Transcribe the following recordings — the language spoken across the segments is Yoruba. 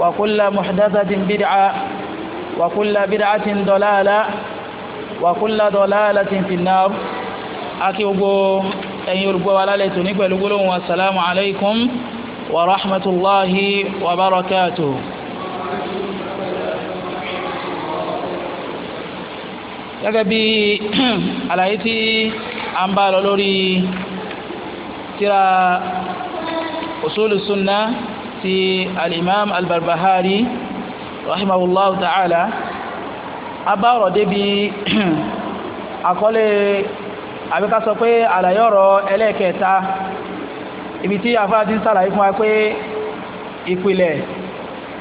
وكل محدثة بدعة وكل بدعة ضلالة وكل ضلالة في النار أكيبو أن يربوا ولا ليتني والسلام عليكم ورحمة الله وبركاته gẹ́gẹ́ bí àlàyé tí a ń bá lọ lórí tíra òṣòlù sunna ti alimam albarbahari rahimahullahu ta'ala abá ọ̀rọ̀ débi àkọlé àbí ká sọ pé àlàyé ọ̀rọ̀ ẹlẹ́ẹ̀kẹta ibi tí àfáà ti ń sàlàyé fún wa pé ìpìlẹ̀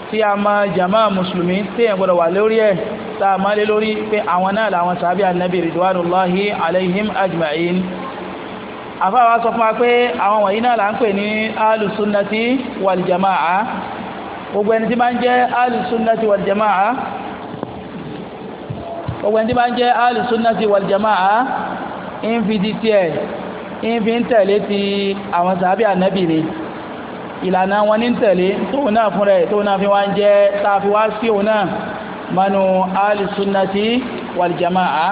tí a mọ jama mùsùlùmí tí èèyàn gbọ́dọ̀ wà lórí ẹ̀ tá a lé lórí pé àwọn náà làwọn sàbí anabi ridwanullahi alaihim ajma'in àfáàwá sọ fún wa pé àwọn wọ̀nyí náà là ń pè ní alùsùnàtì wàlìjàmáà gbogbo ẹni tí máa ń jẹ́ alùsùnàtì wàlìjàmáà gbogbo ẹni tí máa ń jẹ́ alùsùnàtì wàlìjàmáà ń fi di tiẹ̀ ń fi ń tẹ̀lé ti àwọn sàbí ànábì ìlànà wọn ní tẹ̀lé tóun náà fúnra ẹ̀ tóun náà fi wá ń jẹ́ tá a fi wá sí òun náà manu alùsùnàtì wàlìjàmáà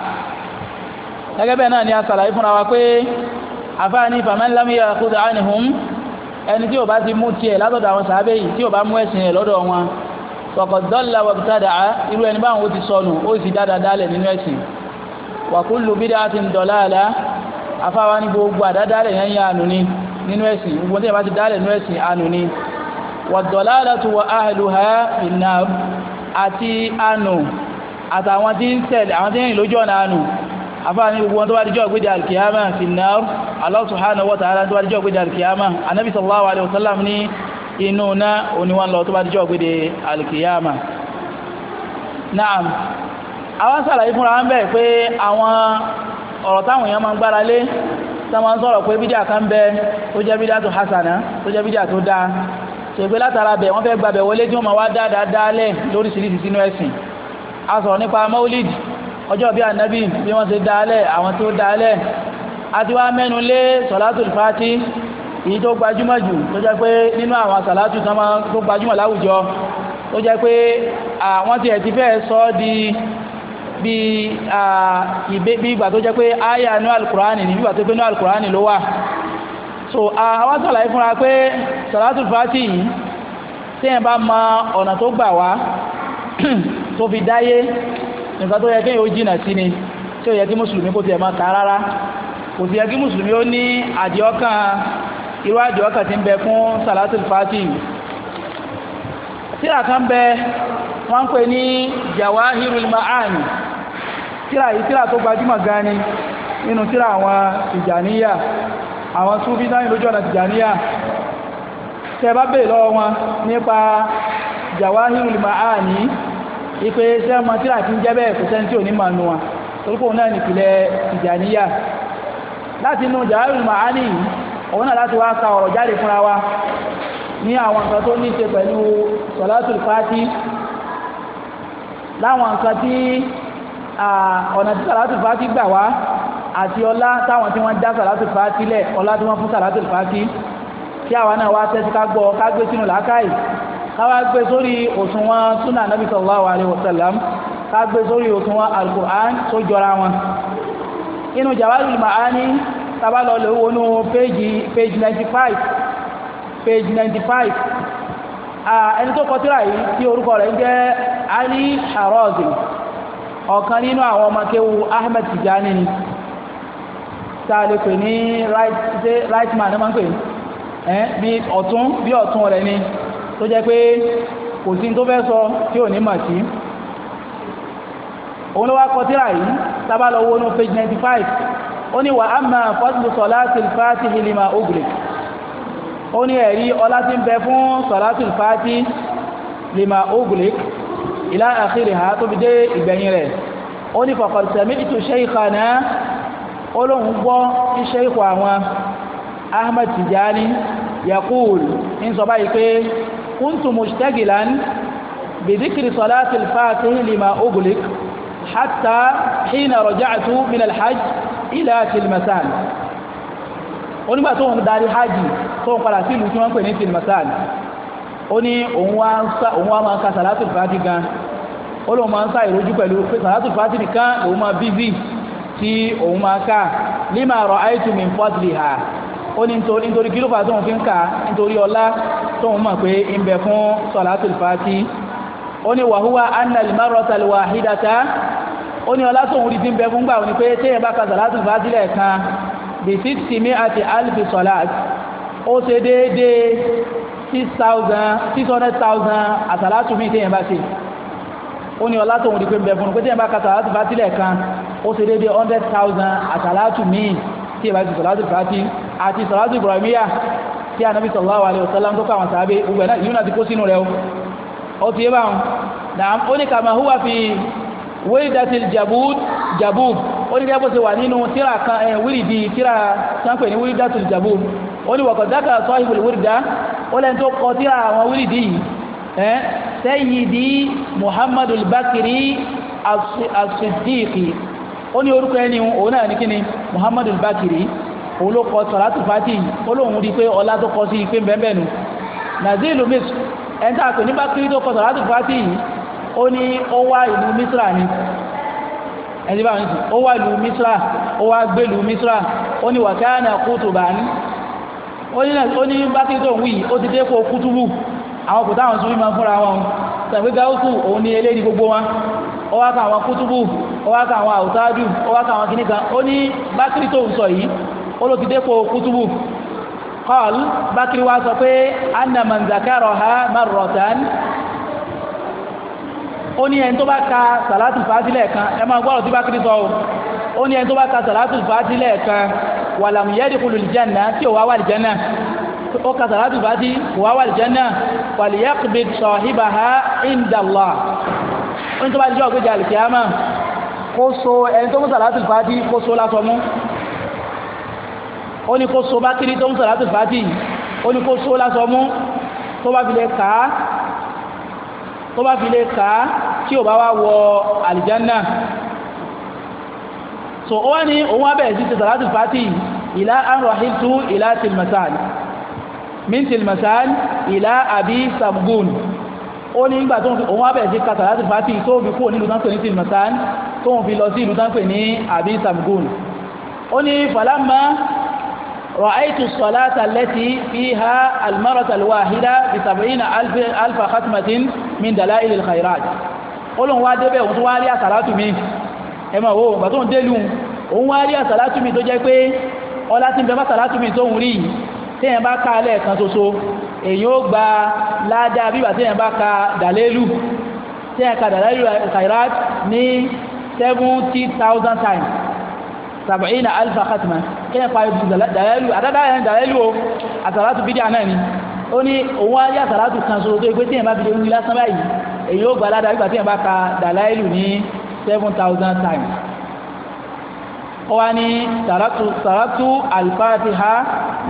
gẹ́gẹ́ bẹ́ẹ̀ náà ni a sàlàyé fúnra wa pé àfáàní faman lam yakhudh anhum ẹni tí ó bá ti mú tiẹ̀ látọ̀dọ̀ àwọn sàábẹ́ yìí tí ó bá mú ẹ̀sìn rẹ̀ lọ́dọ̀ wọn faqad dalla wabtada irú ẹni báwọn ó ti sọnù ó sì dáadáa dálẹ̀ nínú ẹ̀sìn wa kullu bid'atin dalala afáwa ní gbogbo àdádálẹ̀ yẹn yẹn ànú ni nínú ẹ̀sìn gbogbo tí a bá ti dálẹ̀ nínú ẹ̀sìn ànú ni wad-dalalatu wa ahluha fin ina, ati anu, àtàwọn tí ń tẹ̀lé àwọn tí ń rìn lójú ọ̀nà afáàní gbogbo wọn tó bá dijọ́ gbé di alikiyama fi nar Allah subhanahu wa ta'ala tó bá dijọ́ gbé di alikiyama anabi sallallahu alayhi wa sallam ní inú ná òní wọn lọ tó bá dijọ́ gbé di alikiyama. naam àwọn sàlàyé fúnra wọn bẹ́ẹ̀ pé àwọn ọ̀rọ̀ táwọn èèyàn máa ń gbára lé sọ́mọ́ ń sọ̀rọ̀ pé bídíà kan bẹ tó jẹ́ bídíà tó hasana tó jẹ́ bídíà tó dáa ṣègbè látara bẹ̀ wọ́n fẹ́ gbàbẹ̀ wọlé tí wọ́n máa wá dáadáa dálẹ̀ lóríṣiríṣi sínú ẹ̀sìn a sọ̀rọ̀ nípa maulid ọjọ́ bí anabi bí wọ́n ṣe dálẹ̀ àwọn tó dálẹ̀ àti wá mẹ́nu lé sọ̀látùl fati èyí tó gbajúmọ̀ jù tó jẹ́ pé nínú àwọn sàlátù tó gbajúmọ̀ láwùjọ tó jẹ́ pé àwọn ti ẹ̀ fẹ́ sọ di bí ìbé bí ìgbà tó jẹ́ pé aya inú alukurani ní ìgbà tó pé inú alukurani ló wà so àwọn sàlàyé fúnra pé sàlátù fàtì yìí téèyàn bá mọ ọ̀nà tó gbà wá tó fi dáyé nǹkan tó yẹ kéèyàn ó jìnà sí ni tí ó yẹ kí mùsùlùmí kò tiẹ̀ máa kà á rárá kò sì yẹ kí mùsùlùmí ó ní àdìọ́kàn irú àdìọ́kàn ti ń bẹ fún salatul fati tíra kan bẹ wọ́n ń pè ní jawahirul ma'ani tíra yìí tíra tó gbajúmọ̀ gan ni nínú tíra àwọn tìjàníyà àwọn súnfí náà lójú ọ̀nà tìjàníyà tẹ bá bèè lọ́wọ́ wọn nípa jawahirul ma'ani ipe sẹ́mọ tíra ti ń jẹ́ bẹ́ẹ̀ kò sẹ́ni tí ò ní máa nu wọn torípò náà nìpìlẹ̀ Tìjàníyà láti inú Jawahirul Ma'ani òun náà láti wá ka ọ̀rọ̀ jáde fúnra wa ní àwọn nǹkan tó ní ṣe pẹ̀lú Salatul Fati láwọn nǹkan tí ọ̀nà tí Salatul Fati gbà wá àti ọlá táwọn tí wọ́n dá Salatul Fati lẹ̀ ọlá tí wọ́n fún Salatul Fati kí àwa náà wá tẹ́tí ká gbọ́ ká gbé sínú làákàyè káwá gbé sórí òṣùwọ̀n súnà nàbí sallallahu alaihi wasallam ká gbé sórí òṣùwọ̀n alukur'an tó jọra wọn inú jawahirul ma'ani tabalọ lè wọnú péjì 95 péjì 95 ẹni tó kọtíra yìí tí orúkọ rẹ̀ ń jẹ́ Ali Sharazi ọ̀kan nínú àwọn ọmọkéwu Ahmed Tijani ni tá pè ní right man ní wọ́n ń pè ní ọ̀tún bí ọ̀tún rẹ̀ ni tó jẹ́ pé kò sí tó fẹ́ sọ tí ò ní mọ̀ sí òun ló wá kọ tíra yìí sábà lọ wọnú page ninety five ó ní wà á máa fọ́tìlù sọ̀láàtì fàátì hìlìmà ògùlè ó ní ẹ̀rí ọlá tí ń bẹ fún sọ̀láàtì fàátì hìlìmà ògùlè ìlà àkìrì ha tó fi dé ìgbẹ̀yìn rẹ̀ ó ní fọ̀kọ̀tẹ̀mí ìtù ṣẹ́ìkànnà ó lóun gbọ́ iṣẹ́ ìkọ̀ àwọn Ahmad Tijani yakul ń sọ báyìí pé kuntu mushtagilan bidikiri salati al-fatihi lima ugulik hatta hina raja'tu min al-hajj ila tilmasan onígbà tó ń darí hajj tó ń padà sí ìlú tí wọ́n ń pè ní tilmasan ó ní òun wá máa ń ka salati al-fati gan ó lóun máa ń sá ìrójú pẹ̀lú pé salati al-fati nìkan òun máa bíbí tí òun máa ká lima ra'aytu min fadliha ó ní nítorí kí ló fà tó ń fi ń kà nítorí ọlá tóun mọ̀ pé ń bẹ fún salatul fati ó ní wàhúwà annal marratal wahidata ó ní ọlá tóun rí ti ń bẹ fún gbà ó ní pé téèyàn bá ka salatul fati lẹ́ẹ̀kan bí sixty mi àti alfi salat ó ṣe déédéé six thousand six hundred thousand àsàlátù mi téèyàn bá ṣe ó ní ọlá tóun rí pé ń bẹ fún pé téèyàn bá ka salatul fati lẹ́ẹ̀kan ó ṣe déédéé hundred thousand àsàlátù mi téèyàn bá ṣe salatul fati àti salatul ibrahimiya tí anabi sallallahu alayhi wa sallam tó kọ àwọn sàábé gbogbo ẹ̀ náà yìí náà ti kó sínú rẹ̀ o ó ti yé báwọn náà ó ní kàmá huwa fi wíìdàtìl jabud jabub ó ní kẹ́kọ̀ọ́ ti wà nínú tíra kan ẹ̀ wíìdì tíra sanpé ní wíìdàtìl jabub ó ní wọ̀kọ̀ dákà sahibul wíìdà ó lẹ́ni tó kọ tíra àwọn wíìdì yìí ẹ̀ sayyidi muhammadu bakiri as-siddiqi ó ní orúkọ ẹni òun náà ní kíni muhammadu bakiri òun ló kọ sọ̀látù fati olóhùn di pé ọlá tó kọ sí i pé bẹ́ẹ̀ nu nazilu misr ẹni tá a pè ní bákírí tó kọ fati yìí ó ní ó ìlú misra ni ẹni báwọn ní ó wá ìlú misra ó wá gbèlú misra ó ní wàkánà kútùbán ó ní bákírí tó ń wí ó ti dé kó kútùbù àwọn kò táwọn sunjú máa ń fúnra wọn tàbí gáúsù òun ní eléyìí gbogbo wọn ó wá ká àwọn kútùbù ó wá ká àwọn àwùtáàdù ó kìnnìkan ó ní bákírí tó ń yìí olókìdépò kútùbù kọ́l bákiri wá sọ pé anna man zakaraha marratan ó ní ẹni tó bá ka sàlátù fàájì lẹ́ẹ̀kan ẹ máa gbọ́rọ̀ tí bákiri sọ ó ní ẹni tó bá ka sàlátù fàájì lẹ́ẹ̀kan wàlàmù yadkhulu aljanna tí ò wá wà aljanna ó ka sàlátù fàájì kò wá wà aljanna wàlìyàkùbí sahibaha indallah ó ní tó bá jẹ́ ọ̀gbẹ́jà alìkíyàmà kó so ẹni tó mú sàlátù fàájì kó so lásọmú ó ní kó so bá kiri tó ń sọ̀rọ̀ àti fàájì ó ní kó so lásọ mú tó bá fi lè kà á tó bá fi lè kà á tí ò bá wá wọ àlìjánná so ó wá ní òun wá bẹ̀rẹ̀ sí ti sọ̀rọ̀ àti fàájì ìlà anrahiltu ìlà tìlmasal min tìlmasal ìlà àbí samgun ó ní ìgbà tó òun wá bẹ̀rẹ̀ sí ka sọ̀rọ̀ àti fàájì tó fi kúrò nílùú tánpẹ̀ ní tìlmasal tó fi lọ sí ìlú tánpẹ̀ ní àbí samgun ó ní falama رأيت الصلاة التي فيها المرة الواحدة بسبعين ألف, ألف ختمة من دلائل الخيرات قلوا وادبه وتوالي صلاة من ẹmọ wo ìgbà tó ń délù òun wá rí àsàlátù mi tó jẹ́ pé ọlá tí ń bẹ fásàlátù mi tó ń rí téèyàn bá ka alẹ́ kan ṣoṣo èyàn ó gba ládàá bíbà téèyàn bá ka dàlélù téèyàn ka dàlélù kairat ní seventy thousand times sàbẹ̀yìnà alifa khatma kéèyàn parí tu dàlẹ́lù àdáda yẹn dàlẹ́lù o àsàlátù bídíà náà ni ó ní òun á kan so tó pé ba bá fi lè wí lásán báyìí èyí gba aládàá nígbà ba ka dàlẹ́lù 7000 seven thousand times ó wá ní sàrátù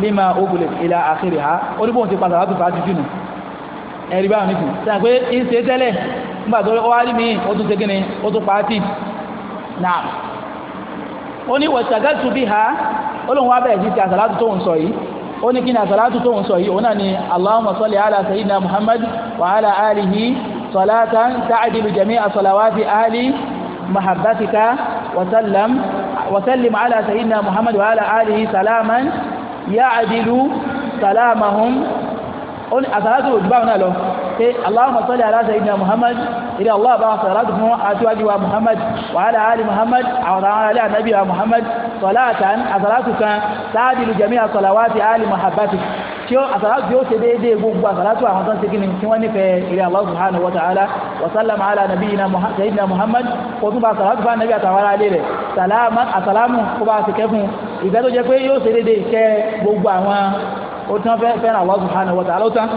lima ogule ila akhiriha ha ní bóun ti pa sàrátù fàájú jù ẹ̀rí nìkan pé ń ṣe tẹ́lẹ̀ nígbà tó wá rí mi ó tún ṣe ó tún ó ní wọ̀tàgàtù bí ha olóhùn wábẹ̀ yìí ti àsàlátù tó ń sọ yìí ó ní kí ni àsàlátù tó ń sọ yìí òun náà ni allahumma salli ala sayyidina muhammad wa ala alihi salatan ta'dilu jami'a salawati ahli mahabbatika wa sallam wa sallim ala sayyidina muhammad wa ala alihi salaman ya'dilu salamahum ó ní àsàlátù òjú báwọn náà lọ pé Allahumma salli ala sayyidina Muhammad ilé Allah bá àsàlátù fún aṣíwájú wa Muhammad wa ala ali Muhammad àwọn àwọn alẹ́ ànábì wa Muhammad salatan àsàlátù kan sáàdìlù jami'a salawati ali mahabbati tí ó àsàlátù yóò ṣe déédéé gbogbo àsàlátù àwọn tó ń segin tí wọ́n nífẹ̀ẹ́ ilé Allah subhanahu wa ta'ala wa sallama ala nabiyyina sayyidina Muhammad kó tún bá àsàlátù fún anábì àtàwọn alẹ́ rẹ̀ sàlámù àsàlámù kó bá a ti kẹ́ fún tó jẹ́ pé yóò ṣe déédéé kẹ́ gbogbo àwọn ó tán fẹ́ràn Allah subhanahu wa ta'ala tán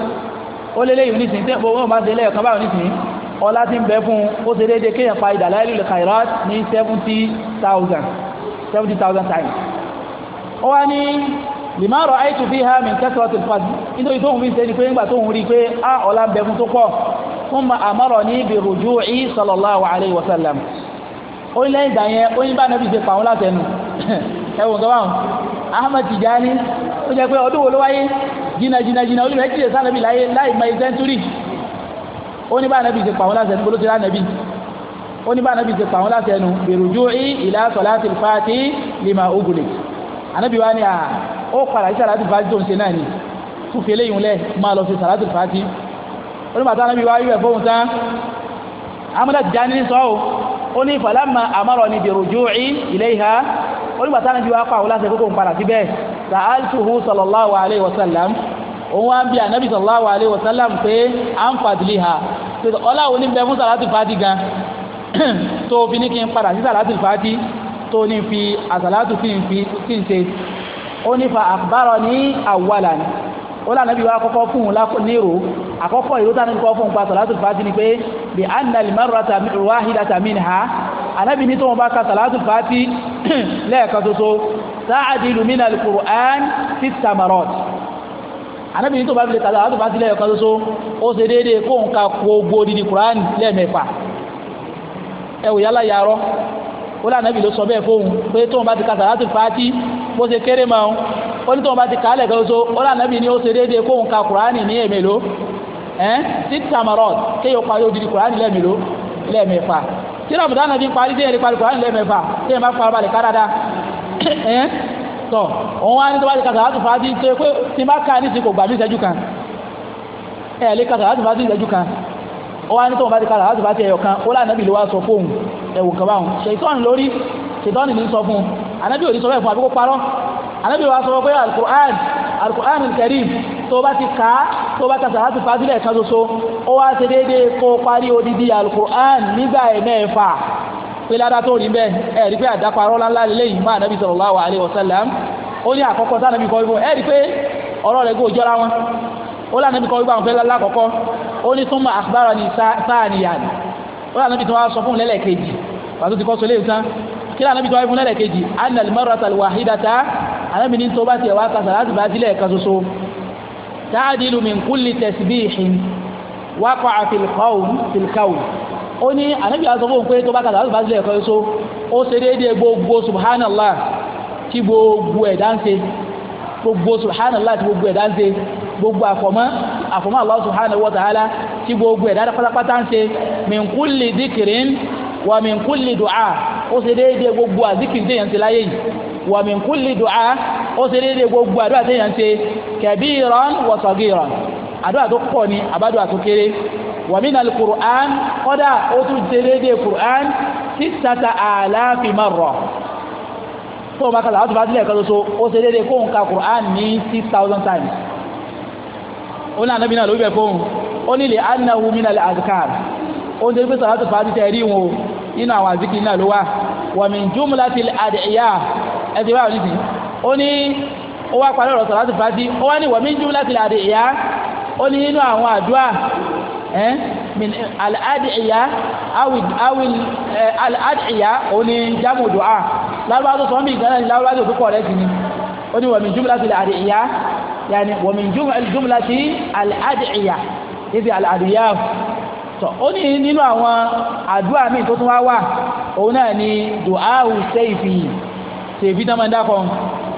ó lé léyìn nísìnyí tí owó máa ṣe lẹ́yìn kan báyìí nísìnyí ọlá ti ń bẹ fún ó ṣe déédéé kéèyàn pa Dalailul Khairat ní seventy thousand seventy thousand times ó wá ní lima ra'aytu fiha min kasratil fadl nítorí tóun fi ń ṣe ni pé nígbà tóun rí i pé á ọlá ń bẹ fún tó pọ̀ thumma amarani bi ruju'i sallallahu alayhi wa sallam ó ní lẹ́yìn ìgbà ó ní bá ó jẹ́ pé ọdún wo ló wáyé jìnnà jìnnà jìnnà olùrẹ́ kìlẹ̀ sànàbí láyé láì mọ sẹ́ńtúrì ó ní bá ànábì ti pàwọn láṣẹ níbo ló ti rá ànábì ó ní bá ànábì ti pàwọn láṣẹ nu bèròjú í ìlà sọ̀láṣì fàtí lima ogule ànábì wa ni à ó padà sí sàlátì fàtí tó ń ṣe náà ni tó fi eléyìí lẹ̀ máa lọ sí sàlátì fàtí ó ní bàtà ànábì wa yíwẹ̀ fóun tán amúdà Tijani sọ ọ́ ó ní bàtà ànábì wa pàwọn láṣẹ kókó ń padà síbẹ̀ sàáltùhù sallallahu alayhi wa sallam òun wá ń bi ànábì sallallahu alayhi wa sallam pé à ń fàdílì ha ọlá wo ni bẹ fún sàlátì fàtì gan tó fi ní kí n padà sí sàlátì fàtì tó ní fi àsàlátù kí n fi kí n ṣe ó ní fa akhbarani awwalan ó lànà bí wàá kọ́kọ́ fún un nírò àkọ́kọ́ ìró tánà kọ́ fún un pa sàlátì fàtì ni pé bí annal marrata wahidata minha anábì ní tó wọn bá ka sàlátù fàátì lẹ́ẹ̀kan ṣoṣo sáàdì lumina alukur'an ti samarot anábì ní tó bá fi lè ka sàlátù fàátì lẹ́ẹ̀kan ṣoṣo ó ṣe déédéé kó n ka gbogbo odidi kur'an lẹ́ẹ̀mẹ́fà ẹ wò yálà yàrá ó lé anábì ló sọ bẹ́ẹ̀ fóun pé tó wọn bá ti ka sàlátù fàátì bó ṣe kéré máa ó ní tó wọn bá ti kàálẹ̀ kan ṣoṣo ó lé anábì ní ó ṣe déédéé kó n ka kur'an ní èmèló ẹ́ ti samarot kéèyàn parí odidi kur'an lẹ́ẹ̀mẹ́ló lẹ́ẹ̀mẹ́fà tí ramadan náà ti ń parí dé ẹ̀rí parí kùránì lẹ́ẹ̀mẹ́fà tí ẹ̀má fara balẹ̀ kárada ẹ̀ẹ́n tọ̀ òun wá ní tó bá ti kàtàkàtù fà á ti tó pé tí má ká ní ti kò gbà ní ìṣẹ́jú kan ẹ̀ lè kàtàkàtù fà á ti ìṣẹ́jú kan ó wá ní tó bá ti kàtàkàtù fà á ti ẹ̀yọ̀ kan ó lànàbì tó bá ti ká tó bá kàtà láti fàtílẹ̀ kan ṣoṣo ó wá ṣe déédé kó parí odidi alukur'an nígbà ẹ̀mẹ́fà pé ládá tó rí bẹ́ẹ̀ ẹ̀ rí pé àdáparọ́ ńláńlá lélẹ́yìn máa nàbí sallallahu alaihi wasallam ó ní àkọ́kọ́ tá nàbí kọ́ wípé ẹ̀ rí pé ọ̀rọ̀ rẹ̀ kò jọra wọn ó lànàbí kọ́ wípé àwọn fẹ́ lákọ̀ọ́kọ́ ó ní thumma akhbarani thaniyan ó lànàbí tó wá sọ fún lẹ́lẹ́kejì pàtó ti kọ́ sọ léyìí kí lànàbí tó wá fún lẹ́lẹ́kejì anna al ní tó bá tiẹ̀ wá kàtà láti bá sílẹ̀ kan ta'dilu من كل تسبيح وقع في qawl في qawl ó ní ànábì àti ọgbọ́n pé tó bá kàtà àtúbà sílẹ̀ ẹ̀kọ́ so ó ṣe déédéé gbogbo subhanallah tí gbogbo ẹ̀dá ń ṣe gbogbo subhanallah tí gbogbo ẹ̀dá ń ṣe gbogbo àfọ̀mọ́ àfọ̀mọ́ Allah subhanahu wa ta'ala tí gbogbo ẹ̀dá pátápátá ń ṣe min kulli dhikrin wa min kulli du'a ó ṣe déédéé gbogbo àzíkìrì wa min kulli du'a ó ṣe déédéé gbogbo àdúrà tí èèyàn ṣe kabiran wa sagiran àdúrà tó pọ̀ ni àbádùà tó kéré wa min al-Qur'an kọ́dà ó tún ṣe déédéé Qur'an sittata alafi marra tó o bá kàlà àtúbà tilẹ̀ kan ṣoṣo ó ṣe déédéé kóhùn ka Qur'an ní six thousand times ó ní ànábìínà ló bẹ̀ fóun ó ní lè annahu min al-azkar ó ń ṣe pé fàájì tẹ̀ wọn o àwọn àzikì náà ló wà wa min jumlatil ad'iya ẹ ti bá òní sí ó ní ó wá parí ọ̀rọ̀ sọ̀rọ̀ láti fàájì ó wá ní ìwọ̀ méjì láti làdé ìyá ó ní inú àwọn àdúrà ẹ́ àlàádì ìyá awil àlàádì ìyá ó ní jámù dùá lárúbá tó sọ mí ìgbàlá ní lárúbá tó kọ̀ rẹ̀ sí ni ó ní wọ̀mí jùmùlá ti òun náà ni dùá ù sẹ́yìn fìyì sèfí tá máa ń dákọ̀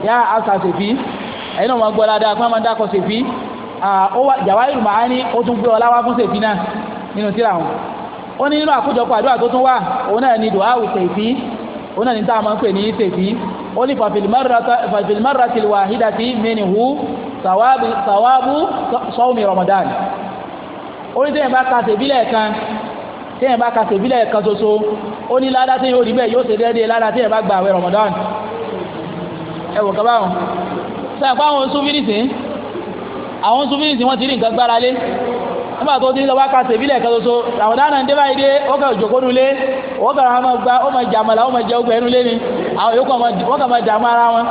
yá àṣà sèfí ẹ̀yin náà máa gbọ́ dáadáa pé máa ń dákọ̀ sèfí jàwáìrù màání ó tún gbé ọlá wá fún sèfí náà nínú tíra wọn ó ní nínú àkójọpọ̀ àdúrà tó tún wà òun náà ni dùhà wù sèfí òun náà ni tá máa ń pè ní sèfí ó ní fàfìlìmọ́ra tìlùwà hídàtì mẹ́nìhù sàwábù sọ́ọ̀mì Ramadan ó ní tẹ́yìn bá ka sèfí lẹ́ẹ̀kan téèyàn bá ka sèbílẹ̀ kan ṣoṣo ó ní ládá téèyàn ó rí bẹ́ẹ̀ yóò ṣe déédéé ládá téèyàn bá gba àwẹ̀ Ramadan ẹ wò kaba àwọn sunfinisi àwọn sunfinisi wọ́n ti rí nǹkan gbára lé nígbà tó ti lọ wá ka sèbílẹ̀ kan ṣoṣo Ramadan náà ń dé báyìí dé ó kà òjòkó lé ó kà wọn gba ó máa jà àmàlà ó máa jẹ ogbẹ́ nu lé ni àwọn yòókù wọn jà mọ́ ara wọn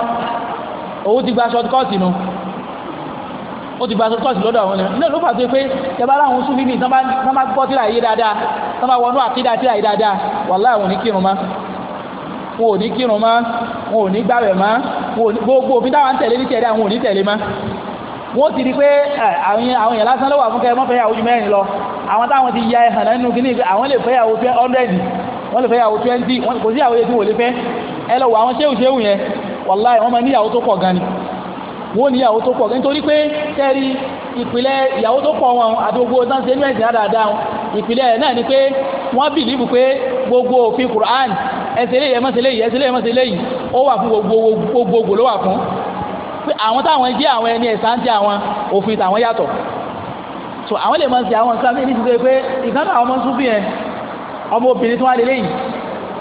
òun ti gba short nù. No ó ti bàtú kọ́ọ̀sì lọ́dọ̀ àwọn náà ló fàṣẹ pé tẹ́bá láwọn súnfì ní tán bá gbọ́ tíra yé dáadáa tán bá wọnú àkídá tíra yé dáadáa wàláhì wọn ò ní kírun mọ́ wọn ò ní kírun mọ́ wọn ò ní gbàwẹ̀ mọ́ gbogbo òfin táwọn ń tẹ̀lé ní tẹ̀lé àwọn ò ní tẹ̀lé mọ́ wọn ó ti di pé àwọn èèyàn lásán ló wà fún kẹ́ mọ́ fẹ́yàwó ju mẹ́rin lọ àwọn táwọn ti ya ẹ̀hàn nínú kíní àwọn lè fẹ́yàwó hundred wọ́n lè fẹ́yàwó twenty kò sí àwọn ètò wò lè fẹ́ ẹ lọ wọ àwọn ṣéwù ṣéwù yẹn wàláhì wọ́n máa níyàwó tó pọ̀ gan ni wọ́n ní ìyàwó tó pọ̀ nítorí pé tẹ́rí ìpìlẹ̀ ìyàwó tó pọ̀ wọn àti gbogbo dáńsẹ̀ inú ẹ̀sìn dáadáa ìpìlẹ̀ náà ni pé wọ́n bìlíìfù pé gbogbo òfin Qur'an ẹsẹ̀ lè yẹ mọ́sẹ̀ lè yìí ẹsẹ̀ lè yẹ mọ́sẹ̀ lè yìí ó wà fún gbogbogbò ló wà fún pé àwọn táwọn jẹ́ àwọn ẹni ẹ̀sán jẹ́ àwọn òfin tàwọn yàtọ̀ so àwọn lè máa ń ṣe àwọn nǹkan mí ní ti sọ pé ìkan náà ọmọ súnfì yẹn ọmọ obìnrin tí wọ́n á lè léyìí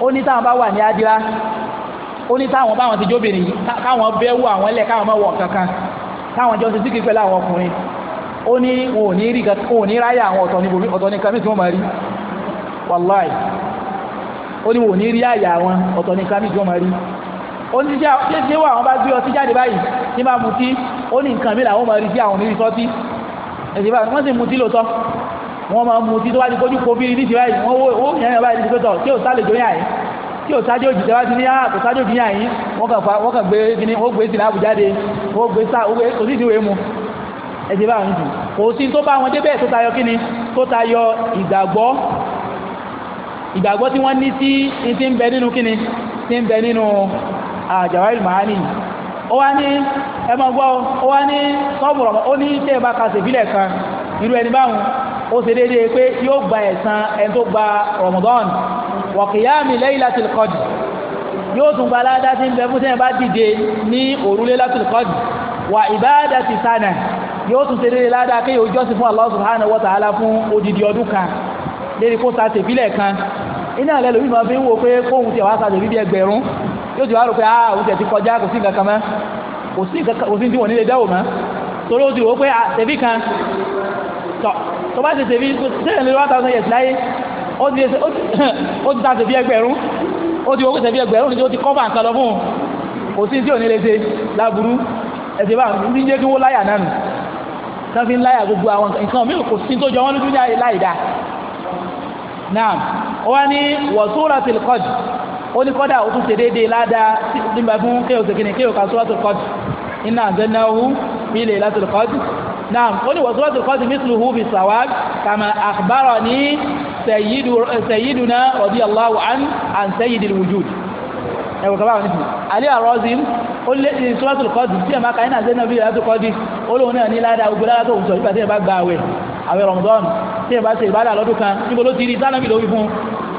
ó ní táwọn bá wà ní ó ní táwọn báwọn ti jóbìnrin yìí káwọn bẹ́wò àwọn ẹlẹ́ káwọn mọ̀ wọ̀ kankan káwọn jọ ti síkì pẹ̀lú àwọn ọkùnrin ó ní wọn ò ní rí kan wọn ò ní ráyà àwọn ọ̀tọ̀ níbo ọ̀tọ̀ ní kàmí tí wọ́n máa rí wàláì ó ní wọn ò ní rí àyà àwọn ọ̀tọ̀ ní kàmí tí wọ́n máa rí ó ní ṣé wọ́n àwọn bá gbé ọtí jáde báyìí ní bá mutí ó ní nǹkan mi làwọn máa rí sí àwọn onírí sọ́tí ẹ̀sìn báyìí wọ́n sì mutí lóòótọ́ wọ́n máa mutí tó bá ti kójú kó bí ní ti báyìí wọ́n wó yẹn báyìí ti pé tọ̀ tí ò sálè jóyà yìí tí o sáájú òjì tẹ́wá ti ní àkó ah, sáájú òjì yàn yín wọ́n kàn fa wọ́n kàn gbé kíní ó gbé sílá àbújáde ó gbé sá ó gbé kò sí ìdíwèé mu ẹ̀jẹ̀ bá wọn jù kò sí tó bá wọn débẹ̀ tó tayọ kíni tó tayọ ìgbàgbọ́ ìgbàgbọ́ tí wọ́n ní sí ti ń bẹ nínú kíni ti ń bẹ nínú àjàwáìlì màání ó wá ní ẹ máa gbọ́ ó wá ní sọ́ọ̀bù rọ̀mọ́ ó ní tẹ́ ẹ bá ka sèbílẹ̀ kan irú ẹni báwọn ó ṣe déédéé pé yóò gba ẹ̀san ẹni tó gba Ramadan wa qiyami laylatil qadr yóò tún gba aládá tí ń bẹ fún sẹ́yìn bá dìde ní òru laylatil qadr wa ibadati sana yóò tún tẹ̀lé ládá pé yóò jọ́sìn fún Allah subhanahu wa ta'ala fún odidi ọdún kan lérí kó sa tèbílẹ̀ kan iná rẹ̀ lómi máa fi ń wo pé kóhun tẹ̀ wá sa tèbí bí ẹgbẹ̀rún yóò ti wá rò pé ah òun tẹ̀ ti kọjá kò sí nǹkan mọ́ kò sí kò sí ní nílé dáwò mọ́ torí ó ti wò pé ah, tèbí kan tọ́ tó bá ti tèbí tẹ́lẹ̀ lórí one thousand years láyé ó ti ta ṣe bí ẹgbẹ̀rún ó ti owó ṣe bí ẹgbẹ̀rún ní tí ó ti kọ́fà nǹkan lọ fún un kò sí tí ò ní lè ṣe láburú ẹ̀sìn bá ń jẹ́ kí wọ́n láyà náà nù tán fi ń láyà gbogbo àwọn nǹkan mí kò sí tó jọ wọ́n ní dúnyà láì dáa náà ó wá ní wọ̀súra ti kọ́dù ó ní kọ́dà ó tún ṣe déédéé ládàá nígbà fún kéwòn ṣèkínní kéwòn kan súra ti kọ́dù iná àjẹnáwó bí ilé láti kọ́dù náà ó ní wọ̀súra ti kọ́dù mí Eh, sayyiduna radiyallahu an an sayyidil wujud ẹ̀wọ̀n kaba wọn nísìnyí alẹ́ àrọ́zim ó lé ní suratul Qadr tí ẹ̀ma kàyínà sí ẹ̀nà bíi suratul Qadr olóhùn náà ní ládàá gbogbo ládàá tó ń sọ nípa tí ẹ̀ bá gba àwẹ̀ àwẹ̀ Ramadan tí ẹ̀ bá ṣe ìbádà lọ́dún kan níbo ló ti rí sánà bíi lórí fún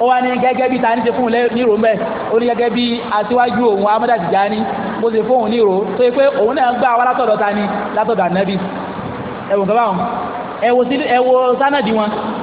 ó wá ní gẹ́gẹ́ bí tani ṣe fún un ní ìrò mbẹ́ ó ní gẹ́gẹ́ bí aṣíwájú òun Ahmadu Tijani bó ṣe fún òun ní ìrò tó yẹ pé òun náà gbà wá látọ̀dọ̀ tani látọ̀dọ̀ ànábì ẹ̀wọ̀n kaba wọn ẹ̀wọ̀ sánà wọn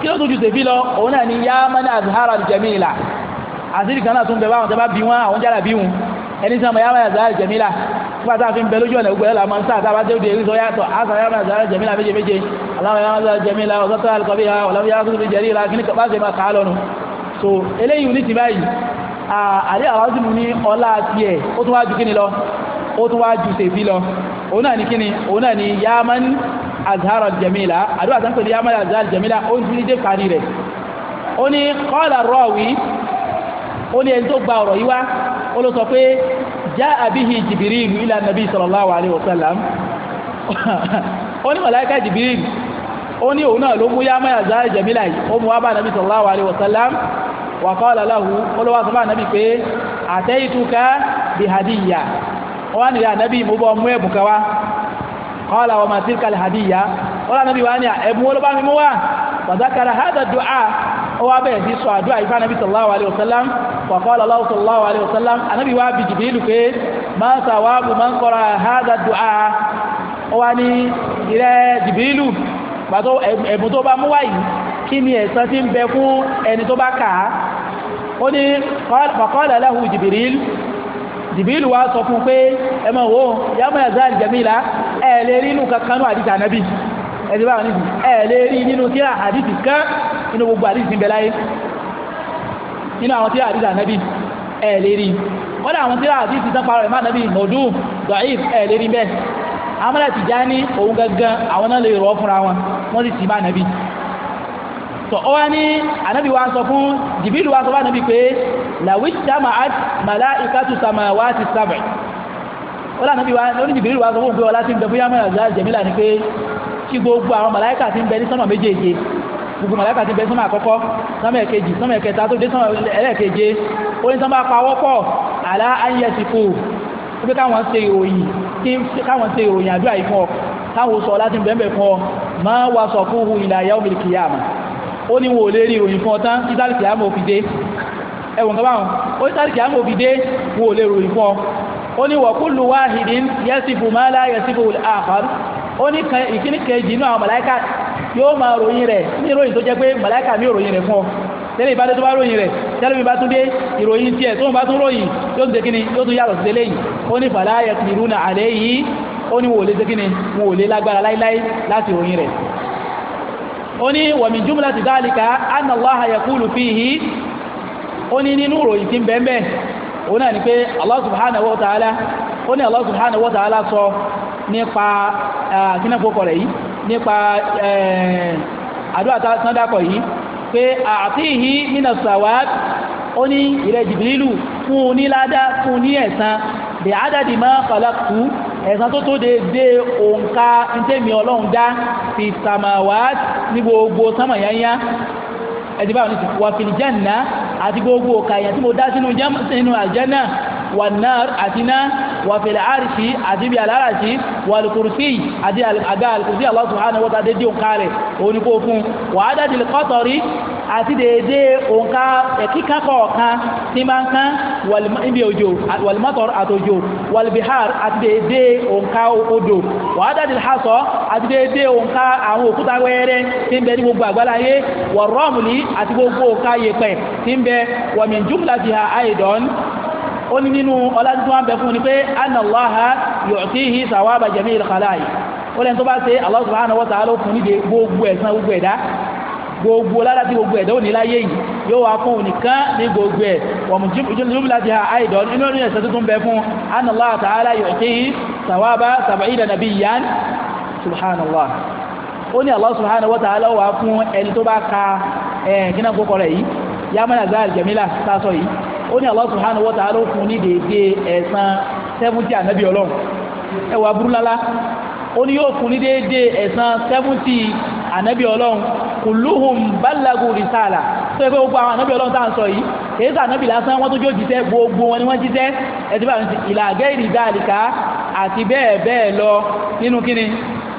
kí ló tún ju tèbí lọ òun náà ni yá mọ́nà azhara jẹ́míìlà àṣírí kan náà tún bẹ báwọn tẹ́ bá bí wọn àwọn jára bí wọn ẹni sọ ma yá mọ́nà azhara jẹ́míìlà fún àtàwọn fi ń bẹ lójú ọ̀nà gbogbo ẹ̀la máa ń sáà tábà tẹ́ òde ìrìnsọ yàtọ̀ àṣà yá mọ́nà azhara jẹ́míìlà méje méje aláwọ̀ yá mọ́nà azhara jẹ́míìlà ọ̀sọ́tọ̀ alùkọ́bí ha ọ̀làwọ̀ yá mọ́nà jẹ́rí ra kí ní kọ́ bá ṣe máa kà á lọ́nu so eléyìí ní ti báyìí àlẹ́ àwọn sì mú ní ọlá tiẹ̀ azhara jamila àdúrà tó ń pè ní yamal azhara jamila ó ń tún dé parí rẹ̀ ó ní qala rawi ó ní ẹni tó gba ọ̀rọ̀ yìí wá ó ló sọ pé jaa bihi jibril ila nabi sallallahu alayhi wa sallam ó ní màláíkà jibril ó ní òun náà ló mú yamal azhara jamila yìí ó mú wá bá nabi sallallahu alayhi wa sallam wa qala lahu ó ló wá sọ fún anabi pé ataituka bihadiyya wọ́n á nìyà anabi mo bọ́ mú ẹ̀bùn kan kọ́lá wa ma tilka alhadiya wọ́n lánàbí wa ní ẹ̀bùn wọ́n ló bá mi mú wá fàdákàrà hádà dùá ó wá bẹ̀rẹ̀ sí sọ àdúrà ìfà nàbí sallallahu alayhi wa sallam wa qala Allahu sallallahu alayhi wa sallam ànàbí wa bi Jibrilu pé ma sawabu man qara hádà dùá ó wá ní ìrẹ́ Jibrilu pàtó ẹ̀bùn tó bá mú wá yìí kí ni ẹ̀san tí ń bẹ fún ẹni tó bá kà á ó ní fa qala lahu Jibril Jibrilu wa sọ fún pé ẹ máa wò yàmú ẹ̀zá àlìjẹmíla ẹ lè rí inú kankan ní àdìsí ànábì ẹ̀dí báwọn níbi ẹ lè rí nínú tíra àdìsí kan nínú gbogbo àdìsí ń bẹ láyé nínú àwọn tíra àdìsí ànábì ẹ lè rí kọ́dà àwọn tíra àdìsí tán parọ́ ìmá ànábì nọ̀dú dọ̀íf ẹ lè rí bẹ́ẹ̀ amọ́lá ti já ní òun gangan àwọn náà lè rọ́ fúnra wọn wọ́n sì ti ànábì tọ̀ ọ́ ní ànábì wa sọ fún jìbìlù wa sọ fún ànábì pé làwíjàmà wọ́n lànà bí wa lórí jìbìrì wa sọ fún pé ọlá ti ń bẹ fún yàmọ̀ àzá jẹ̀mílà ni pé kí gbogbo àwọn màláìkà ti ń bẹ ní sánmà méjèèje gbogbo màláìkà ti ń bẹ sánmà àkọ́kọ́ sánmà ẹ̀kejì sánmà ẹ̀kẹta tó dé sánmà ẹlẹ́ẹ̀keje ó ní sánmà pawọ́ pọ̀ àlá ayẹsìkò ó pé káwọn ṣe ìròyìn káwọn ṣe ìròyìn àdúrà yìí fún ọ káwọn sọ ọlá ti ń bẹ ń bẹ fún ọ máa wà sọ fún hu ìlà ìyá omi kìyàmù ó ní wọn ò lè rí ìròyìn fún ọ tán ó ní wa kullu wahidin yasifu ma la yasifu al-akhar ó ní ìkíní kejì inú àwọn màláíkà yóò máa ròyìn rẹ̀ ní ìròyìn tó jẹ́ pé màláíkà mi ò ròyìn rẹ̀ fún ọ tẹ́lẹ̀ ìbá tó bá ròyìn rẹ̀ tẹ́lẹ̀ ìbá tún dé ìròyìn tiẹ̀ tó ń bá tún ròyìn yóò tún dékíní yóò tún yàtọ̀ sí eléyìí ó fala yaqdiruna alayhi ó ní wò lé dékíní wò lé lágbára láíláí láti ròyìn rẹ̀ ó ní wa min jumlati dhalika anna Allaha yaqulu fihi ó ní nínú ìròyìn tí ń bẹ́ẹ̀ òun náà ni pé Allah subhanahu wa ta'ala ó ní Allah subhanahu wa ta'ala sọ nípa kínáfókọ̀ rẹ̀ yìí nípa àdúrà sádákọ̀ yìí pé àtíhì nínà sàwád ó ní ilẹ̀ jìbìlù fún un ní ládá fún un ní ẹ̀san bí àdàdì máa kọ̀lákù ẹ̀san tó tó dédé òǹkà ntẹ́mi ọlọ́run dá fi sàmàwád ní gbogbo sámàyányá ẹ̀dí báwọn ní ti wà fìlì janna àti gbogbo ọ̀kà èèyàn tí mo dá sínú àlùjánnà والنار أتنا وفي العرش أتبي على العرش والكرسي أتي أجا الكرسي الله سبحانه وتعالى دي قال ونكوكم وعدد القطر àti dèédé òǹkà ẹ̀kíkà kọ̀ọ̀kan tí máa ń kán ibi òjò wàlmọ́tọ̀rọ̀ àtòjò wàlbihar àti dèédé òǹkà odò wàádàdì hasọ àti dèédé òǹkà àwọn òkúta wẹ́ẹ́rẹ́ tí ń bẹ ní gbogbo àgbáláyé wọ̀rọ̀mùlì àti gbogbo òǹkà yẹ̀pẹ̀ tí ń bẹ wàmìjúmùlà ti ha àìdán ó ní nínú ọlájú wọn bẹ fún ni pé anàláha yu'tihi sawaba jami'il khalai ó lẹ́nu tó bá ṣe Allah subhanahu wa ta'ala fún nídìí gbogbo ẹ̀san gbogbo ẹ̀dá gbogbo lára tí gbogbo ẹ̀dá ò ní láyé yìí yóò wá fún òníkan ní ó ní Allah wà fún ẹni tó bá ka ẹ̀ eh, kí rẹ̀ yìí yamana zaal jamila sásọ yìí ó ní Allah subhanahu wa ta'ala ó fún ní déédé ẹ̀san sẹ́fúntì ànábì ọlọ́run ẹwà burúlálá ó ní yóò fún ní déédé ẹ̀san sẹ́fúntì ànábì ọlọ́run kulluhum ballagu risala tó yẹ pé gbogbo àwọn ànábì ọlọ́run tá à ń sọ yìí kìí sọ ànábì lásán wọ́n tó jó jíṣẹ́ gbogbo wọn ni wọ́n jíṣẹ́ ẹ̀dí báyìí ila gairi dhalika àti bẹ́ẹ̀ bẹ́ẹ̀ lọ nínú kíni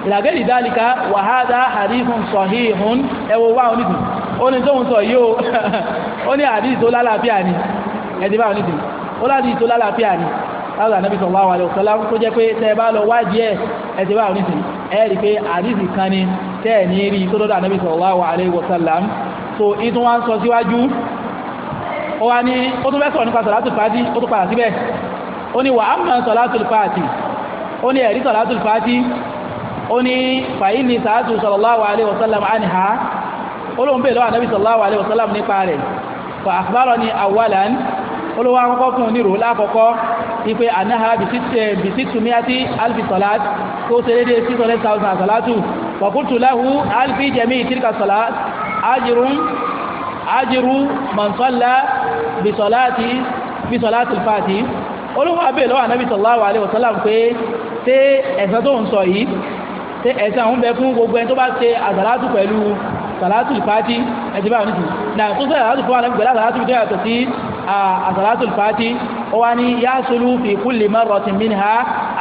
ila gairi dhalika wa hadha hadithun sahihun ẹ̀wọ̀ wá onídùn ó ní tóun sọ yìí ó ní àdìs lálàáfíà ni ẹ̀dí báwọn nídìí ó láti tó lálàáfíà ni láwọn ànábì sallallahu alaihi wasallam tó jẹ́ pé tẹ́ ẹ bá lọ wádìí ẹ̀ ẹ̀dí báwọn nídìí ẹ̀ rí pé àdìsí kan ni tẹ́ ẹ̀ ní rí tó dọ́dọ̀ ànábì sallallahu alaihi wasallam so ó wá fẹ́ sọ̀rọ̀ nípa salatul fati lọ́wọ́ ànábì sallallahu alaihi wasallam nípa rẹ̀ fa akhbarani awwalan olówó akọ́kọ́ fún onírò lákọ̀ọ́kọ́ ipe anaha bisitumiati alfi salat tó ṣe dédé six hundred thousand salatu wàkútù lahu alfi jẹ̀mí tilka salat ajirun ajiru mansala bisalati bisalati fati olówó abẹ́ lọ́wọ́ anabi sallallahu alayhi wa sallam pé ṣé ẹ̀san tó ń sọ yìí ṣé ẹ̀san ń bẹ fún gbogbo ẹni tó bá ṣe àsàlátù pẹ̀lú salatu fati ẹ̀sìn báwọn nìyí tó ṣe àsàlátù fún anabi pẹ̀lú àsàlátù tó yàtọ̀ sí asalatul fati ó wá ní yasulu fi kulli marratin minha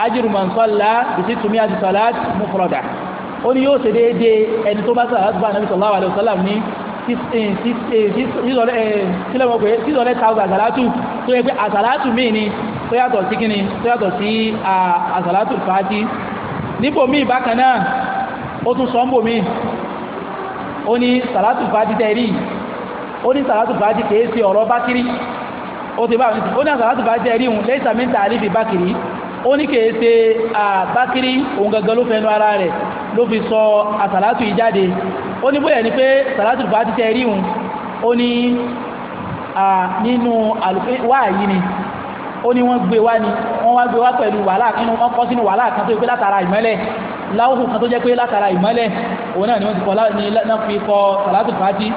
ajru man salla bi sittimi'ati salat mufrada ó ní yóò ṣe déédéé ẹni tó bá sàlátù bá anabi sallallahu alayhi wa sallam ní six hundred thousand asalatu tó yẹ pé asalatu míì ni tó yàtọ̀ sí kíni tó yàtọ̀ sí asalatul fati níbòmíì bákan náà ó tún sọ ń bò míì ó ní sàlátù fati tẹ́rí ó ní sàlátù fati kèé sí ọ̀rọ̀ bákírí ó ti bá wọn ó ní àgbàlá tó bá jẹ́ rí òun lẹ́yìn sàmì ń tààlí fi bákìrí ó ní kèé ṣe bákìrí òun gangan ló fẹnu ara rẹ̀ ló fi sọ àsàlátù yìí ó ní bóyá ni pé sàlátù bá ti tẹ́ rí ó ní nínú wáàyí ni ó ní wọ́n gbé wá ni wọ́n wá gbé wá pẹ̀lú wàhálà nínú wọ́n kọ́ sínú wàhálà kan tó yẹ pé látara ìmọ́lẹ̀ láwùjọ kan tó jẹ́ pé látara ìmọ́lẹ̀ ni wọ́n ti kọ́ náà fi kọ́ sàlátù fàájì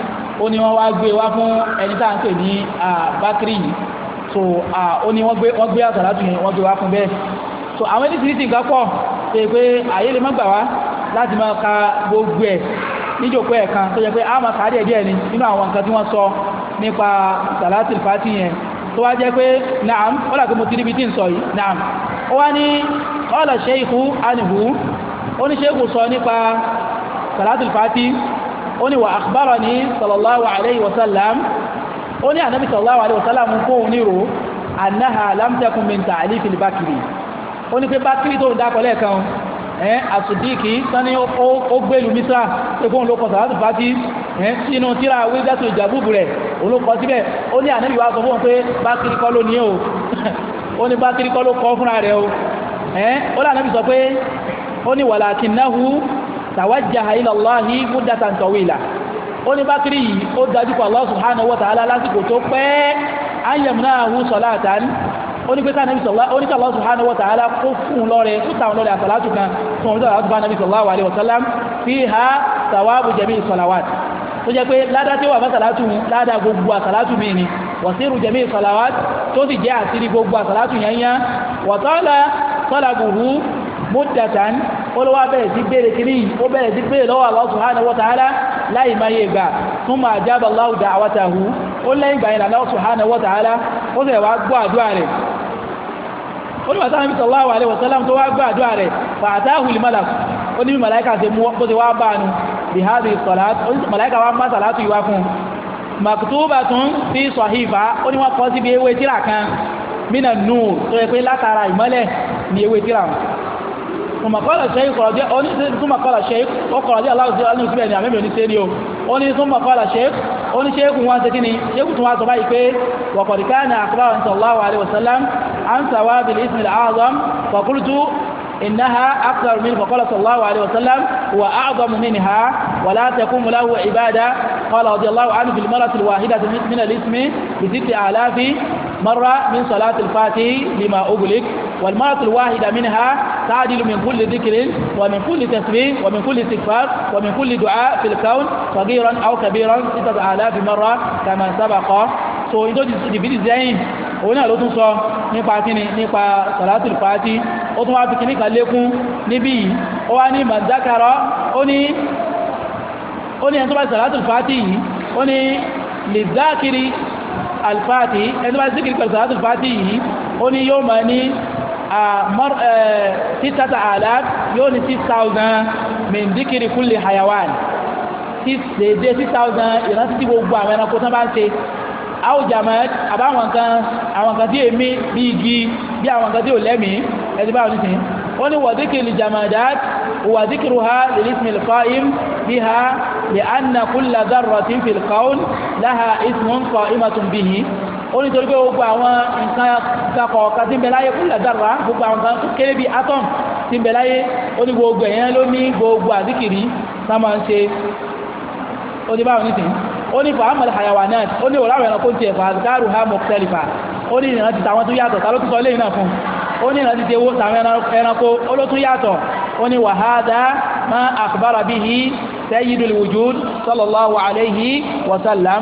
ó ní wọ́n wá gbé wá fún ẹni tá ń pè ní bákìrì yìí so ó ní wọ́n gbé wọ́n gbé àsàlátù yẹn wọ́n gbé wá fún bẹ́ẹ̀ so àwọn ẹni tìrìtì nǹkan pọ̀ ṣe pé àyè lè má gbà wá láti máa ka gbogbo ẹ̀ níjòkó ẹ̀ kan tó yẹ pé a máa kà á díẹ̀ díẹ̀ ni nínú àwọn nǹkan tí wọ́n sọ nípa sàlátì fàtì yẹn tó wá jẹ́ pé naam ó làgbé mo ti ríbi tí ń sọ yìí naam ó wá ní ọ̀là ṣẹ́ìkú anìhù ó ní ṣẹ́ìkú sọ nípa sàlátì fàtì ó ní wà àkbárọ̀ ní sallallahu ó ní ànábì sallallahu alaihi wasallam fóun nírò annaha lam takun min ta'lif al-bakri ó ní pé bákìrì tó ń dákọ̀ lẹ́ẹ̀kan ẹ̀ àsùdíkì sani ó gbèlú misra pé fóun ló kọ sàlátù fati ẹ̀ sínú tíra wíńdàtù ìjàbùbù rẹ̀ òun ló kọ síbẹ̀ ó ní ànábì wa sọ fóun pé bákìrì kọ́ ló ní o ó ní bákìrì kọ́ ló kọ́ fúnra rẹ̀ o ẹ̀ ó ní ànábì sọ pé ó ní walakinnahu tawajjaha ila Allahi muddatan tawila ó ní bákírí yìí ó dájú pa Allah subhanahu wa ta'ala lásìkò tó pẹ́ ayyamna hu salatan ó ní pé ká nàbí sọ̀lá ó ní ká Allah subhanahu wa ta'ala kó fún un lọ́rẹ̀ kó tàwọn lọ́rẹ̀ àsàlátù kan fún ọdún àti bá nàbí sallallahu alaihi wa sallam fiha thawabu jami'i salawat tó jẹ́ pé ládá tí wà bá sàlátù ládá gbogbo àsàlátù mi ni wasiru jami'i salawat tó sì jẹ́ àsírí gbogbo àsàlátù yányá wàtọ́lá tọ́làgùrú múdàtàn olówó abẹ́rẹ̀ sí bèèrè kìíní ó bẹ̀rẹ̀ sí bèèrè lọ́wọ́ Allah subhanahu wa láì máa yé gbà fún máa jábà Allahu da'watahu ó lẹ́yìn ìgbà yẹn Allah subhanahu wa ta'ala ó sì wá gbọ́ àdúrà rẹ̀ ó ní wàtá níbi sallallahu alaihi wasallam tó wá gbọ́ àdúrà rẹ̀ fa'atahu al-malak ó ní màláìka ti mú bó ti wá bá a nu bi hadhihi salat ó ni ewé tíra ثم قال الشيخ رضي ثم قال الشيخ وقال الله عز وجل síbẹ̀ ni àmì mi ò ní sẹ́ni o ó ní ثم قال الشيخ ó ní ṣéèkù wọn ṣe kí ni ṣéèkù tún wá sọ báyìí pé وقد كان أخبار sallallahu alayhi wa sallam عن ثواب الاسم الأعظم فقلت إنها أكثر من فقال صلى الله عليه وسلم وأعظم منها ولا تقوم له عبادة قال رضي الله عنه في المرة الواحدة من الاسم بست آلاف مرة من صلاة الفاتح لما أغلق والمرأة الواحدة منها تعدل من كل ذكر ومن كل تسبيح ومن كل استغفار ومن كل دعاء في الكون صغيرا أو كبيرا ستة آلاف مرة كما سبق so in tó ti fi sẹ́yìn òun náà ló tún sọ nípa kíni nípa salatul fati ó tún wá fi kíní kan lékún níbí yìí ó wá ní mazakara ó ní ó ní ẹni tó bá salatul fati yìí ó ní lizakiri alfati ẹni tó bá zikiri pẹ̀lú salatul fati yìí ó ní yóò máa ní Ah, eh, títàtà àlàf yóò ní six thousand mẹ́ndíkìrì kúlẹ̀ hayawan dédé six thousand ìrántí tí gbogbo àwọn ẹranko tán bá ń ṣe àwùjàmọ́ àbáwọn kan àwọn kan tí èmi bí igi bí àwọn kan tí ò lẹ́mìí ẹ̀sìn báwọn nìsín ó ní wàdíkìrì jamadat wàdíkìrùha lèlísìmì lùfáìm bíha lè anna kúlẹ̀ dárò tí ń fi lùkàún láha ismun qa'imatun bihi ó ní torí pé gbogbo àwọn nǹkan kakọ̀ ọ̀kan tí ń bẹ láyé kúlẹ̀ dàrúwà gbogbo àwọn nǹkan kéré bíi atom tí ń bẹ láyé ó ní gbogbo ẹ̀yẹn ló ní gbogbo àdìkìrí tá máa ń ṣe ó ní báwọn nìsín ó ní fàámàlì àyàwà náà ó ní òláwọ̀ ẹranko tiẹ̀ fàákàrù ha mọ̀tẹ́lifà ó ní ìrántí tàwọn tó yàtọ̀ tá ló tún sọ lẹ́yìn náà fún ó ní ìrántí tewó tàwọn ẹranko ó ló tún yàtọ̀ ó ní wàhádà má àkùbára bíi sayyidul wujud sallallahu alayhi wa sallam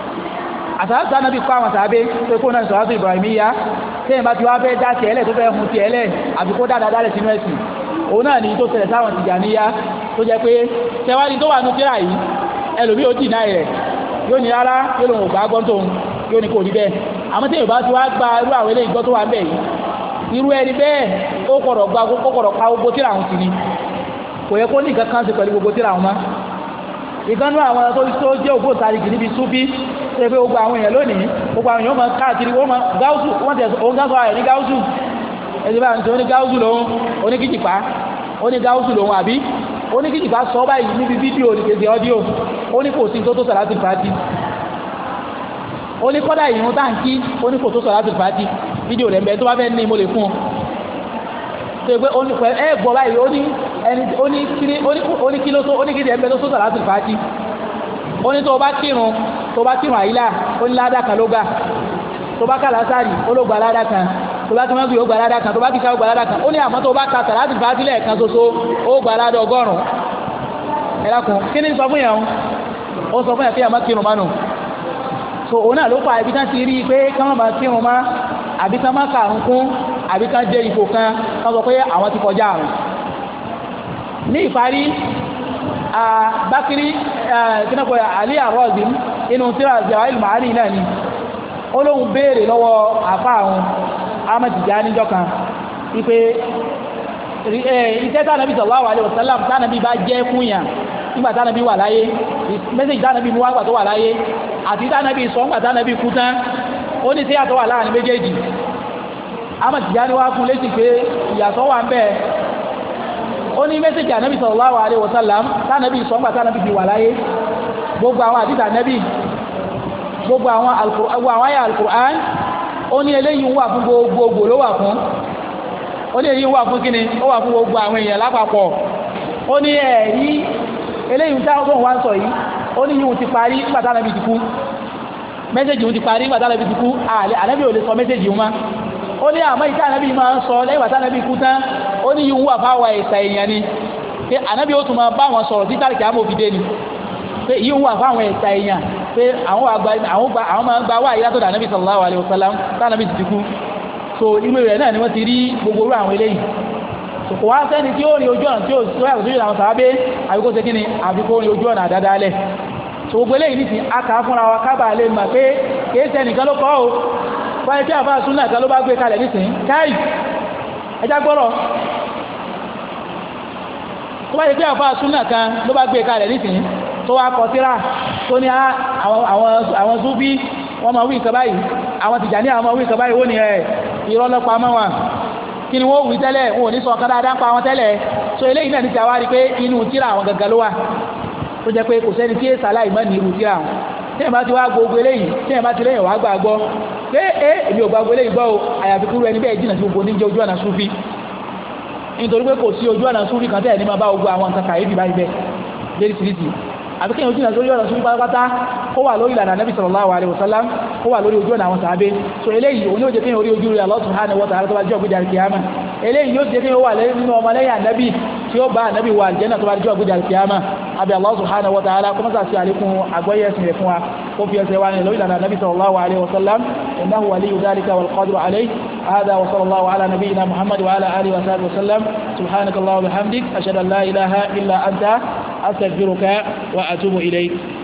àtàlátà nàbí kọ́ àwọn sàábé tó kó náà sọ̀rọ̀ Ibrahimiyya tẹ́yìn bá ti wá fẹ́ dá tiẹ̀ lẹ̀ tó fẹ́ hun tiẹ̀ lẹ̀ àbí kó dáadáa dálẹ̀ sínú ẹ̀sìn òun náà ní tó tẹ̀lẹ̀ sáwọn Tijaniyya tó jẹ́ pé tẹwádìí tó wà nù kíra yìí ẹlòmíì ó dìnnà rẹ̀ yóò ní rárá yóò lòun ò gbà gbọ́n tóun yóò ní kò ní bẹ́ẹ̀ àmọ́ ni kò yẹ kó ní nǹkan ìkànnú àwọn tó tó jẹ́ ògbóǹtarìgì níbi súfí ṣe pé gbogbo àwọn èèyàn lónìí gbogbo àwọn èèyàn máa káàkiri wọ́n máa gáúsù wọ́n tẹ̀ òun gáúsù ààrẹ ní gáúsù ẹ̀sìn bá ń sọ oní gáúsù lòun oní kìjìpá oní gáúsù lòun àbí oní kìjìpá sọ báyìí níbi fídíò nìkejì ọ́díò oní kò sí tó tó sàlátì fàájì oní kọ́dà ìrún táǹkì oní kò tó sàlátì fàájì fídíò rẹ̀ ń bẹ tó bá fẹ́ ní mo lè fún un ṣe pé ó ní pẹ ẹ gbọ́ báyìí ó ní ẹni ó ní kíní ó ní kí ló tó ó ní kí ẹgbẹ tó sọsọ láti fàájì ó ní tó bá kírun tó bá kírun àyílà ó ní ládàá kan ló gbà tó bá kàlá sárì ó ló gbà ládàá kan tó bá kí mọ́bí ó gbà ládàá kan tó bá kí sáwó gbà ládàá kan ó ní àmọ́ tó bá ka sàláàtì fàájì lẹ́ẹ̀kan ṣoṣo ó gbà ládàá ọgọ́rùn ẹ lákun kí ni sọ fún yẹn o sọ fún yẹn pé àmọ́ kírun mánu so òun náà ló fà ibi tán ti rí i pé káwọn bá kírun má àbí ká má kàrún kún àbí ká dé ipò kan ká sọ pé àwọn ti kọjá àrùn ní ìparí Bakri kínákọ̀ Ali Ar-Razi inú tíra Zawahirul Ma'ani náà ni ó lóun béèrè lọ́wọ́ àfa àwọn Ahmad Tijani níjọ́ kan wípé iṣẹ́ tánàbí sallallahu alaihi wasallam tánàbí bá jẹ́ fún yàn nígbà tánàbí wà láyé mẹ́sẹ̀jì tánàbí mú wágbà tó wà láyé àti tánàbí sọ nígbà tánàbí kú tán ó ní sí àtọ́wà láàrin méjèèjì Ahmad wa wá fún létí pé ìyàtọ̀ wà ń bẹ ó ní mẹ́sẹ̀jì ànábì sallallahu alaihi wasallam tánàbì sọ́ngbà tánàbì fi wà láyé gbogbo àwọn àdìsí ànábì gbogbo àwọn àyà alukur'an ó ní eléyìí wà fún gbogbogbò ló wà fún ó ní èyí wà fún kíni ó wà fún gbogbo àwọn èèyàn lápapọ̀ ó ní ẹ̀rí eléyìí táwọn wá ń sọ yìí ó ní yìí ti parí nígbà tánàbì ti kú mẹ́sẹ̀jì ti parí nígbà tánàbì ti kú ànábì ò lè sọ mẹ́sẹ̀jì wọn ó ní àmọ́ ìta ànábì máa ń sọ lẹ́yìn bàtà ànábì kú tán ó ní yìí ń wà fáwọn ẹ̀sà èèyàn ni pé ànábì ó tún máa bá wọn sọ̀rọ̀ títà kí àmọ́ òfìdé ni pé yìí wà fáwọn ẹ̀sà èèyàn pé àwọn máa ń gba wá àyíká tó dà ànábì sallallahu alaihi wasallam tánàbì ti kú so inú rẹ̀ náà ni wọ́n ti rí gbogbo orú àwọn eléyìí kò wá sẹ́ni tí ó rí ojú ọ̀nà tí ó yàtọ̀ sójú àwọn sàábé àbíkó ṣe kí ni àbíkó rí ojú ọ̀nà àdáadáa lẹ̀ so gbogbo eléyìí ní ti aka fúnra wa kábàá lè mà pé kìí sẹ́nìkan ló kọ́ ọ́ báyìí kí àbá súnà kan ló bá gbé kalẹ̀ nísìnyí káì ẹjá gbọ́rọ̀ tó báyìí kí àbá súnà kan ló bá gbé kalẹ̀ nísìnyí tó wá kọ síra tó ní ah, àwọn zúbí wọ́n máa wí nǹkan báyìí àwọn tìjàní àwọn máa wí nǹkan báyìí wọ́n ní ẹ̀ eh, ìrọ́lọ́pàá máa wà kí ni wọ́n wí tẹ́lẹ̀ wọn ò ní sọ kádà dáńpa wọn tẹ́lẹ̀ so eléyìí náà ní ti àwárí pé inú tíra àwọn gàgà ló tó jẹ́ pé kò sẹ́ni tí èsà láì mọ́ ní irú tíra àwọn tí ẹ̀ bá ti wá gbogbo eléyìí tí ẹ̀ bá ti lẹ́yìn wá gbà gbọ́ pé ẹ èmi ò gbà gbogbo eléyìí gbọ́ o àyàfi kúrú ẹni bẹ́ẹ̀ jìnnà sí gbogbo oníjẹ ojú ọ̀nà súfì nítorí pé kò sí ojú ọ̀nà súfì kan tẹ́ẹ̀ ní máa bá gbogbo àwọn nǹkan kàyéfì báyìí bẹ́ẹ̀ léríṣiríṣi àbí kéèyàn jìnnà sórí ọ̀nà súnmí pátápátá kó wà lórí ìlànà Nabi sallallahu alaihi wasallam kó wà lórí ojú ọ̀nà àwọn sàábé so eléyìí òun yóò jẹ́ kéèyàn orí ojú rẹ̀ Allah subhanahu wa ta'ala tó bá jẹ́ ọ̀gbẹ́jà kìámà eléyìí yóò jẹ́ kéèyàn wà nínú ọmọlẹ́yìn ànábì tí ó bá ànábì wà àlìjẹ́nà tó bá jẹ́ ọ̀gbẹ́jà kìámà abẹ́ Allah subhanahu wa ta'ala kuma za sí àlékún àgbọ́yé ẹ̀sìn rẹ̀ fún wa kó fi sai wani ní da nabi sallallahu alaihi wa sallam innahu waliyu dhalika wal qadru alayhi hada wa sallallahu ala nabiyyina muhammad wa ala alihi wa sahbihi wa sallam subhanaka allahumma wa bihamdik ashhadu an la ilaha illa anta astaghfiruka wa atubu ilayk